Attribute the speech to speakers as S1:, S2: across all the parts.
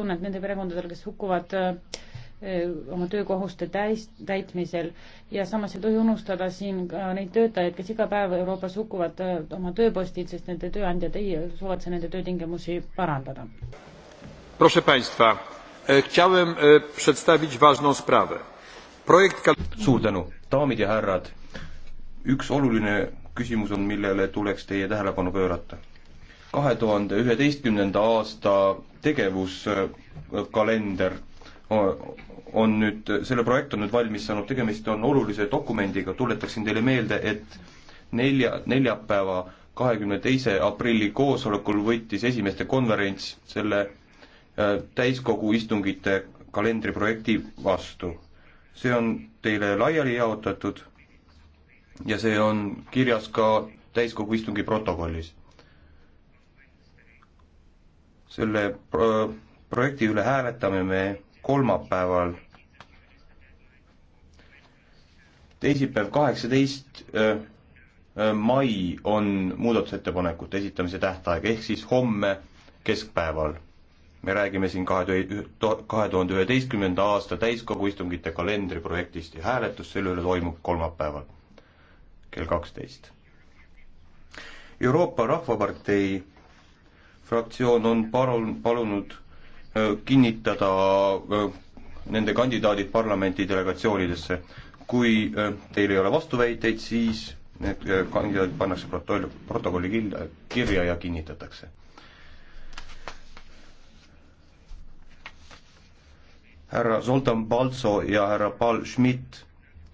S1: kaastunnet nende perekondadel, kes hukkuvad äh, oma töökohuste täis, täitmisel ja samas ei tohi unustada siin ka neid töötajaid, kes iga päev Euroopas hukkuvad äh, oma tööpostil, sest nende tööandjad ei suvatse nende töötingimusi parandada.
S2: Proszę Państwa, e, chciałem e, przedstawić ważną sprawę. Projekt... Suur tänu, daamid ja härrad. Üks oluline küsimus on, millele tuleks teie tähelepanu pöörata kahe tuhande üheteistkümnenda aasta tegevuskalender on nüüd, selle projekt on nüüd valmis saanud, tegemist on olulise dokumendiga, tuletaksin teile meelde, et nelja, neljapäeva, kahekümne teise aprilli koosolekul võttis esimeste konverents selle äh, täiskogu istungite kalendriprojekti vastu. see on teile laiali jaotatud ja see on kirjas ka täiskogu istungi protokollis selle pro äh, projekti üle hääletame me kolmapäeval. teisipäev, kaheksateist äh, äh, mai on muudatusettepanekute esitamise tähtaeg, ehk siis homme keskpäeval. me räägime siin kahe, kahe tuhande üheteistkümnenda aasta täiskogu istungite kalendriprojektist ja hääletus selle üle toimub kolmapäeval kell kaksteist. Euroopa Rahvapartei fraktsioon on palun, palunud äh, kinnitada äh, nende kandidaadid parlamendi delegatsioonidesse. kui äh, teil ei ole vastuväiteid, siis need kandidaadid pannakse protokoll, protokolli kirja ja kinnitatakse. härra Zoltan Baltso ja härra Paul Schmidt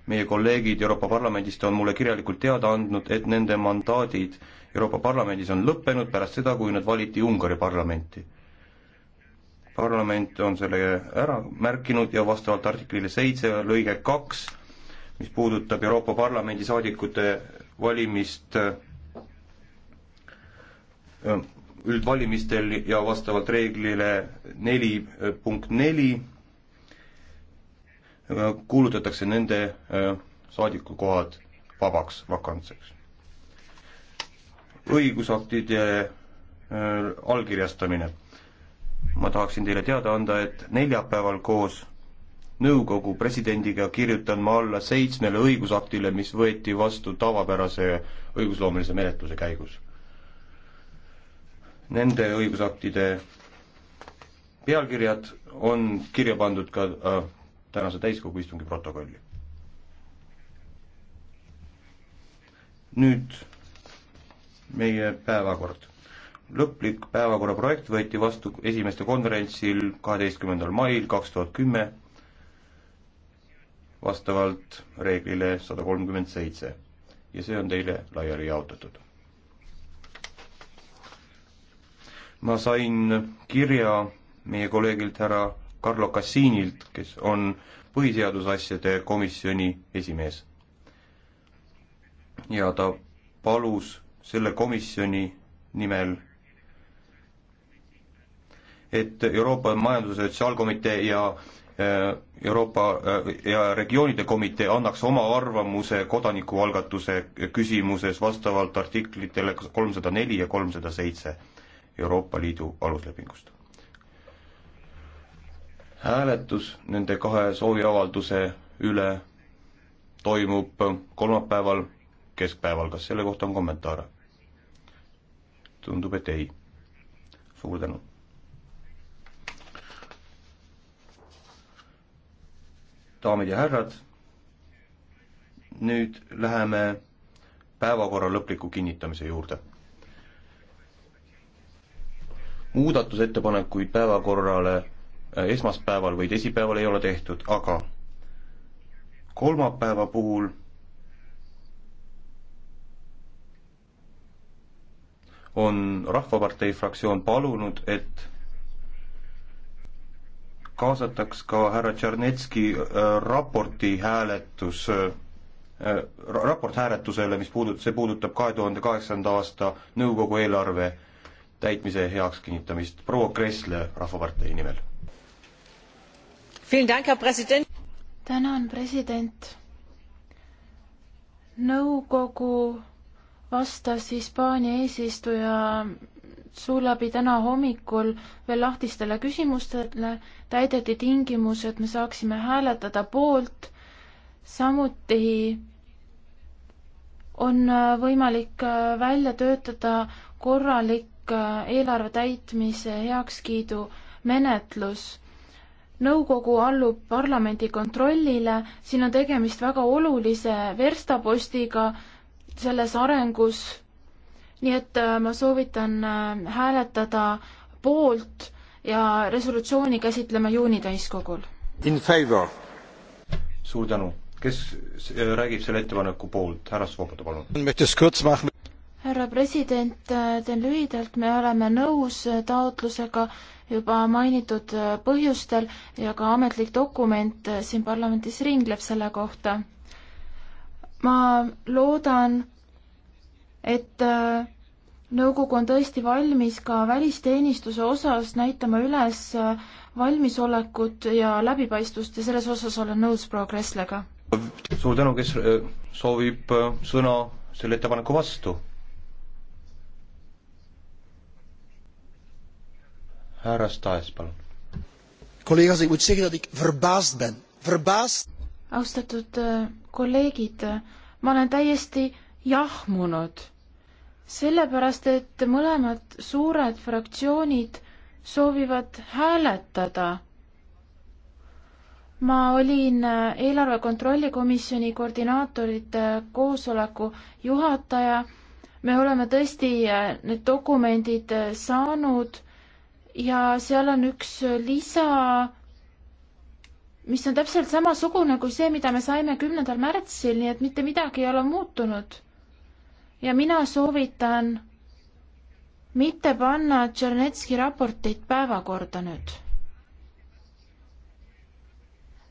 S2: meie kolleegid Euroopa Parlamendist on mulle kirjalikult teada andnud, et nende mandaadid Euroopa Parlamendis on lõppenud pärast seda, kui nad valiti Ungari parlamenti. parlament on selle ära märkinud ja vastavalt artiklile seitse lõige kaks, mis puudutab Euroopa Parlamendi saadikute valimist äh, üldvalimistel ja vastavalt reeglile neli punkt neli kuulutatakse nende äh, saadikukohad vabaks vakantseks. õigusaktide äh, allkirjastamine. ma tahaksin teile teada anda, et neljapäeval koos nõukogu presidendiga kirjutan ma alla seitsmele õigusaktile, mis võeti vastu tavapärase õigusloomelise menetluse käigus. Nende õigusaktide pealkirjad on kirja pandud ka äh, tänase täiskogu istungi protokolli. nüüd meie päevakord. lõplik päevakorra projekt võeti vastu esimeste konverentsil kaheteistkümnendal mail kaks tuhat kümme vastavalt reeglile sada kolmkümmend seitse ja see on teile laiali jaotatud. ma sain kirja meie kolleegilt härra Carlo Cassinilt, kes on põhiseadusasjade komisjoni esimees. ja ta palus selle komisjoni nimel et Euroopa Majandus- ja Sotsiaalkomitee ja äh, Euroopa äh, ja regioonide komitee annaks oma arvamuse kodanikualgatuse küsimuses vastavalt artiklitele kolmsada neli ja kolmsada seitse Euroopa Liidu aluslepingust hääletus nende kahe sooviavalduse üle toimub kolmapäeval keskpäeval, kas selle kohta on kommentaare? tundub, et ei. suur tänu. daamid ja härrad, nüüd läheme päevakorra lõpliku kinnitamise juurde. muudatusettepanekuid päevakorrale Äh, esmaspäeval või teisipäeval ei ole tehtud, aga kolmapäeva puhul on Rahvapartei fraktsioon palunud, et kaasataks ka härra Tšernetski äh, raporti hääletus, äh, raport hääletusele, mis puudut-, see puudutab kahe tuhande kaheksanda aasta nõukogu eelarve täitmise heakskiitamist. proua Kressle Rahvapartei nimel
S3: tänan, president. nõukogu vastas Hispaania eesistuja suu läbi täna hommikul veel lahtistele küsimustele, täideti tingimus, et me saaksime hääletada poolt, samuti on võimalik välja töötada korralik eelarve täitmise heakskiidu menetlus nõukogu allub parlamendi kontrollile, siin on tegemist väga olulise verstapostiga selles arengus, nii et äh, ma soovitan äh, hääletada poolt ja resolutsiooni käsitleme juuni täiskogul.
S2: In favor. suur tänu, kes äh, räägib selle ettepaneku poolt, härra Svoboda,
S3: palun härra president, teen lühidalt, me oleme nõus taotlusega juba mainitud põhjustel ja ka ametlik dokument siin parlamendis ringleb selle kohta. ma loodan, et nõukogu on tõesti valmis ka välisteenistuse osas näitama üles valmisolekut ja läbipaistvust ja selles osas olen nõus proua Kresslega.
S2: suur tänu, kes äh, soovib äh, sõna selle ettepaneku vastu härra Staes, palun. kolleegas, ma ütlesin, et ma verbaasd ben, verbaasd.
S3: austatud äh, kolleegid, ma olen täiesti jahmunud, sellepärast et mõlemad suured fraktsioonid soovivad hääletada ma olin äh, eelarve kontrolli komisjoni koordinaatorite koosoleku juhataja. me oleme tõesti äh, need dokumendid saanud ja seal on üks lisa, mis on täpselt samasugune kui see, mida me saime kümnendal märtsil, nii et mitte midagi ei ole muutunud. ja mina soovitan mitte panna Tšernetski raportit päevakorda nüüd.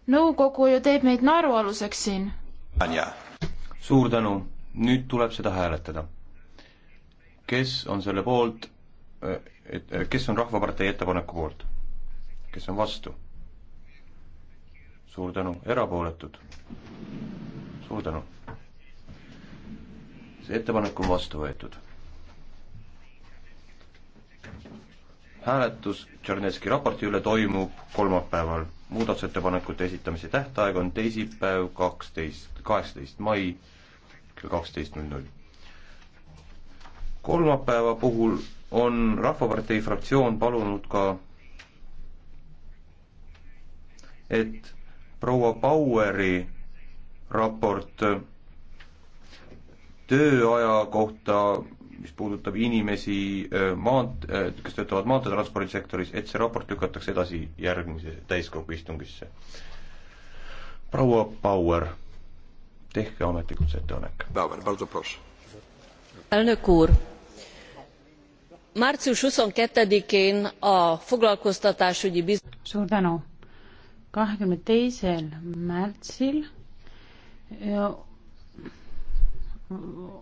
S3: nõukogu ju teeb meid naerualuseks siin.
S2: suur tänu, nüüd tuleb seda hääletada. kes on selle poolt, Äh, et äh, kes on Rahvapartei ettepaneku poolt? kes on vastu? suur tänu, erapooletud? suur tänu. see ettepanek on vastu võetud. hääletus Tšernetski raporti üle toimub kolmapäeval. muudatusettepanekute esitamise tähtaeg on teisipäev, kaksteist, kaheksateist mai kell kaksteist null null. kolmapäeva puhul on Rahvapartei fraktsioon palunud ka, et proua Baueri raport tööaja kohta, mis puudutab inimesi äh, maant-, äh, kes töötavad maanteetranspordisektoris, et see raport lükatakse edasi järgmise täiskogu istungisse. proua Bauer, tehke ametlikult see ettepanek. Bauer, palun, proua.
S3: Elnök úr, március twenty two én a foglalkoztatásügyi bizottság
S1: kahekümne teisel märtsil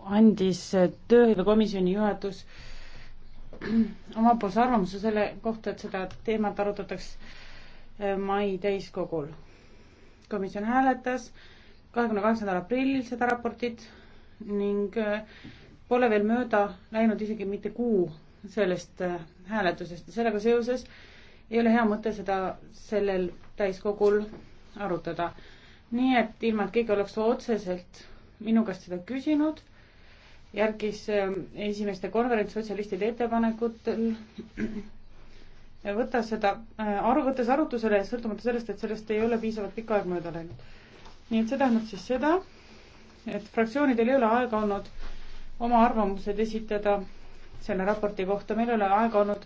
S1: andis tööhõivekomisjoni juhatus omapoolse arvamuse selle kohta, et seda teemat arutatakse äh, mai täiskogul. komisjon hääletas kahekümne kaheksandal aprillil seda raportit ning äh, pole veel mööda läinud isegi mitte kuu sellest äh, hääletusest ja sellega seoses ei ole hea mõte seda sellel täiskogul arutada. nii et ilma, et keegi oleks otseselt minu käest seda küsinud, järgis äh, esimeste konverents sotsialistide ettepanekutel võtta seda äh, aru, võttes arutusele sõltumata sellest, et sellest ei ole piisavalt pikka aega mööda läinud. nii et see tähendab siis seda, et fraktsioonidel ei ole aega olnud oma arvamused esitada selle raporti kohta, meil ei ole aega olnud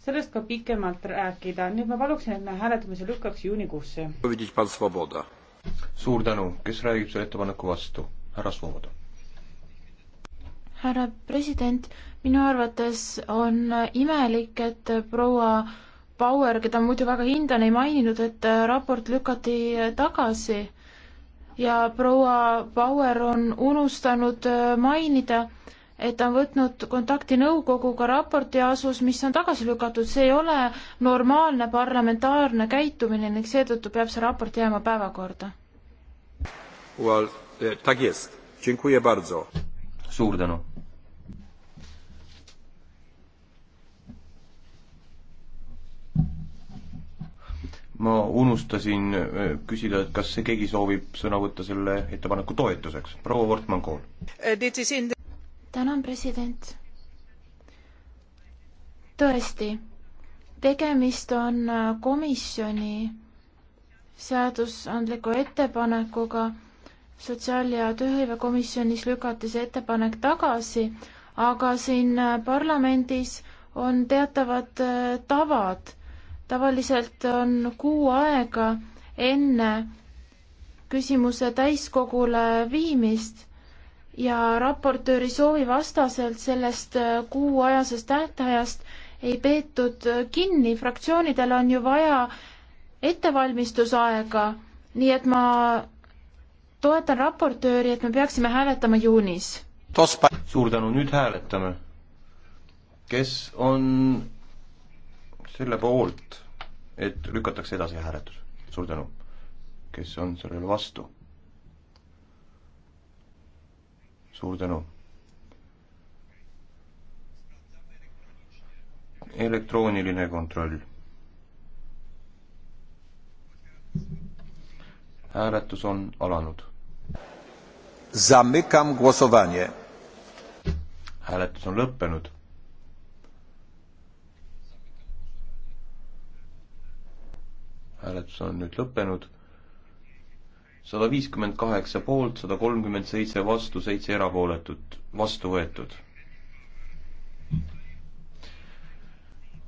S1: sellest ka pikemalt rääkida, nüüd ma paluksin, et me hääletamise lükkaks juunikuusse.
S2: suur tänu, kes räägib selle ettepaneku vastu? härra Svoboda.
S3: härra president, minu arvates on imelik, et proua Bauer, keda muidu väga hindan, ei maininud, et raport lükati tagasi ja proua Bauer on unustanud mainida, et ta on võtnud kontakti nõukoguga raporti asus, mis on tagasi lükatud, see ei ole normaalne parlamentaarne käitumine ning seetõttu peab see raport jääma päevakorda. Well,
S2: eh, tak jest. Dziękuję bardzo. Suur tänu. ma unustasin eh, küsida, et kas keegi soovib sõna võtta selle ettepaneku toetuseks, proua Wortmann-Kool.
S3: Eh, tänan, president. tõesti, tegemist on äh, komisjoni seadusandliku ettepanekuga. sotsiaal- ja tööhõivekomisjonis lükati see ettepanek tagasi, aga siin äh, parlamendis on teatavad äh, tavad. tavaliselt on kuu aega enne küsimuse täiskogule viimist ja raportööri soovi vastaselt sellest äh, kuuajasest tähtajast ei peetud äh, kinni, fraktsioonidel on ju vaja ettevalmistusaega, nii et ma toetan raportööri, et me peaksime hääletama juunis.
S2: suur tänu, nüüd hääletame. kes on selle poolt, et lükatakse edasi hääletus? suur tänu. kes on sellele vastu? suur tänu. elektrooniline kontroll. hääletus on alanud. Zamykam głosowanie. hääletus on lõppenud hääletus on nüüd lõppenud sada viiskümmend kaheksa poolt, sada kolmkümmend seitse vastu, seitse erapooletut, vastu võetud.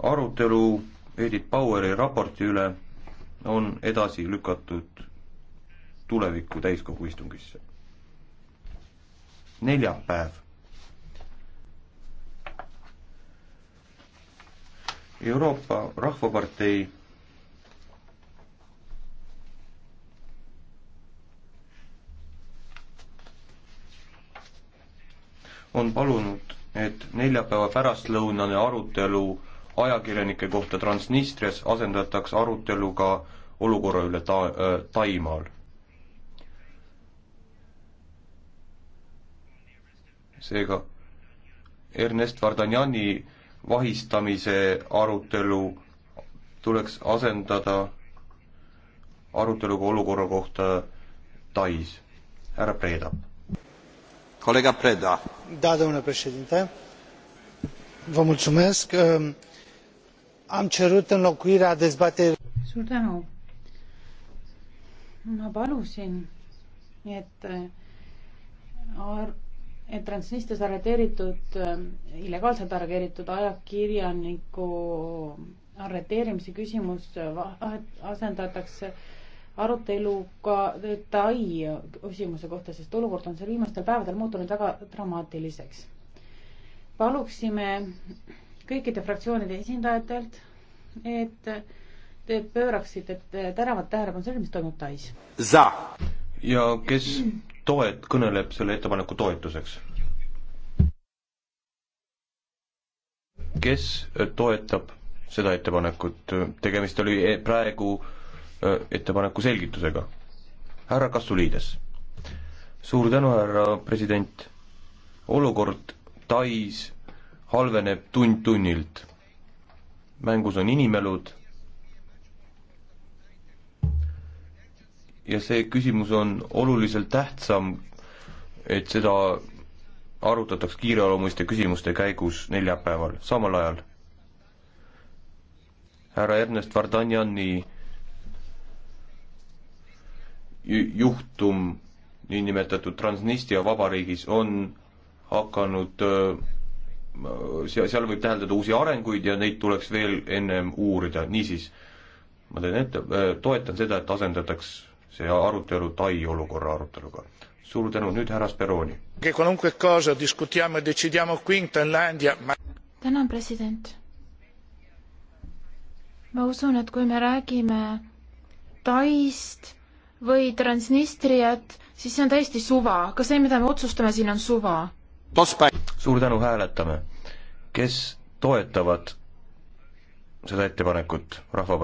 S2: arutelu Edith Poweri raporti üle on edasi lükatud tuleviku täiskogu istungisse. neljapäev. Euroopa Rahvapartei on palunud, et neljapäeva pärastlõunane arutelu ajakirjanike kohta Transnistrias asendatakse aruteluga olukorra üle ta- äh,, Taimaal. seega Ernest Vardanjani vahistamise arutelu tuleks asendada aruteluga olukorra kohta Tais. härra Preeda Ehm, am cerut înlocuirea dezbaterii
S1: ma palusin et ar- et transnistrias arreteeritud ehm, illegaalselt arreteeritud ajakirjaniku arreteerimise küsimus asendatakse aruteluga Tai küsimuse kohta, sest olukord on seal viimastel päevadel muutunud väga dramaatiliseks. paluksime kõikide fraktsioonide esindajatelt, et te pööraksite tänavat tähelepanu sellele, mis toimub Tais.
S2: ja kes toet-, kõneleb selle ettepaneku toetuseks? kes toetab seda ettepanekut, tegemist oli e-, praegu Äh, ettepaneku selgitusega. härra Kassuliides. suur tänu, härra president. olukord Tais halveneb tund tunnilt. mängus on inimelud ja see küsimus on oluliselt tähtsam, et seda arutataks kiireloomuliste küsimuste käigus neljapäeval, samal ajal. härra Ernest Vardanjani juhtum niinimetatud Transnistria vabariigis on hakanud, äh, seal, seal võib täheldada uusi arenguid ja neid tuleks veel ennem uurida, niisiis ma teen ette, äh, toetan seda, et asendataks see arutelu Tai olukorra aruteluga. suur tänu, nüüd härra Speroni. E
S3: tänan, president. ma usun, et kui me räägime Taist, või Transnistriat, siis see on täiesti suva, ka see, mida me otsustame siin, on suva.
S2: suur tänu, hääletame. kes toetavad seda ettepanekut rahva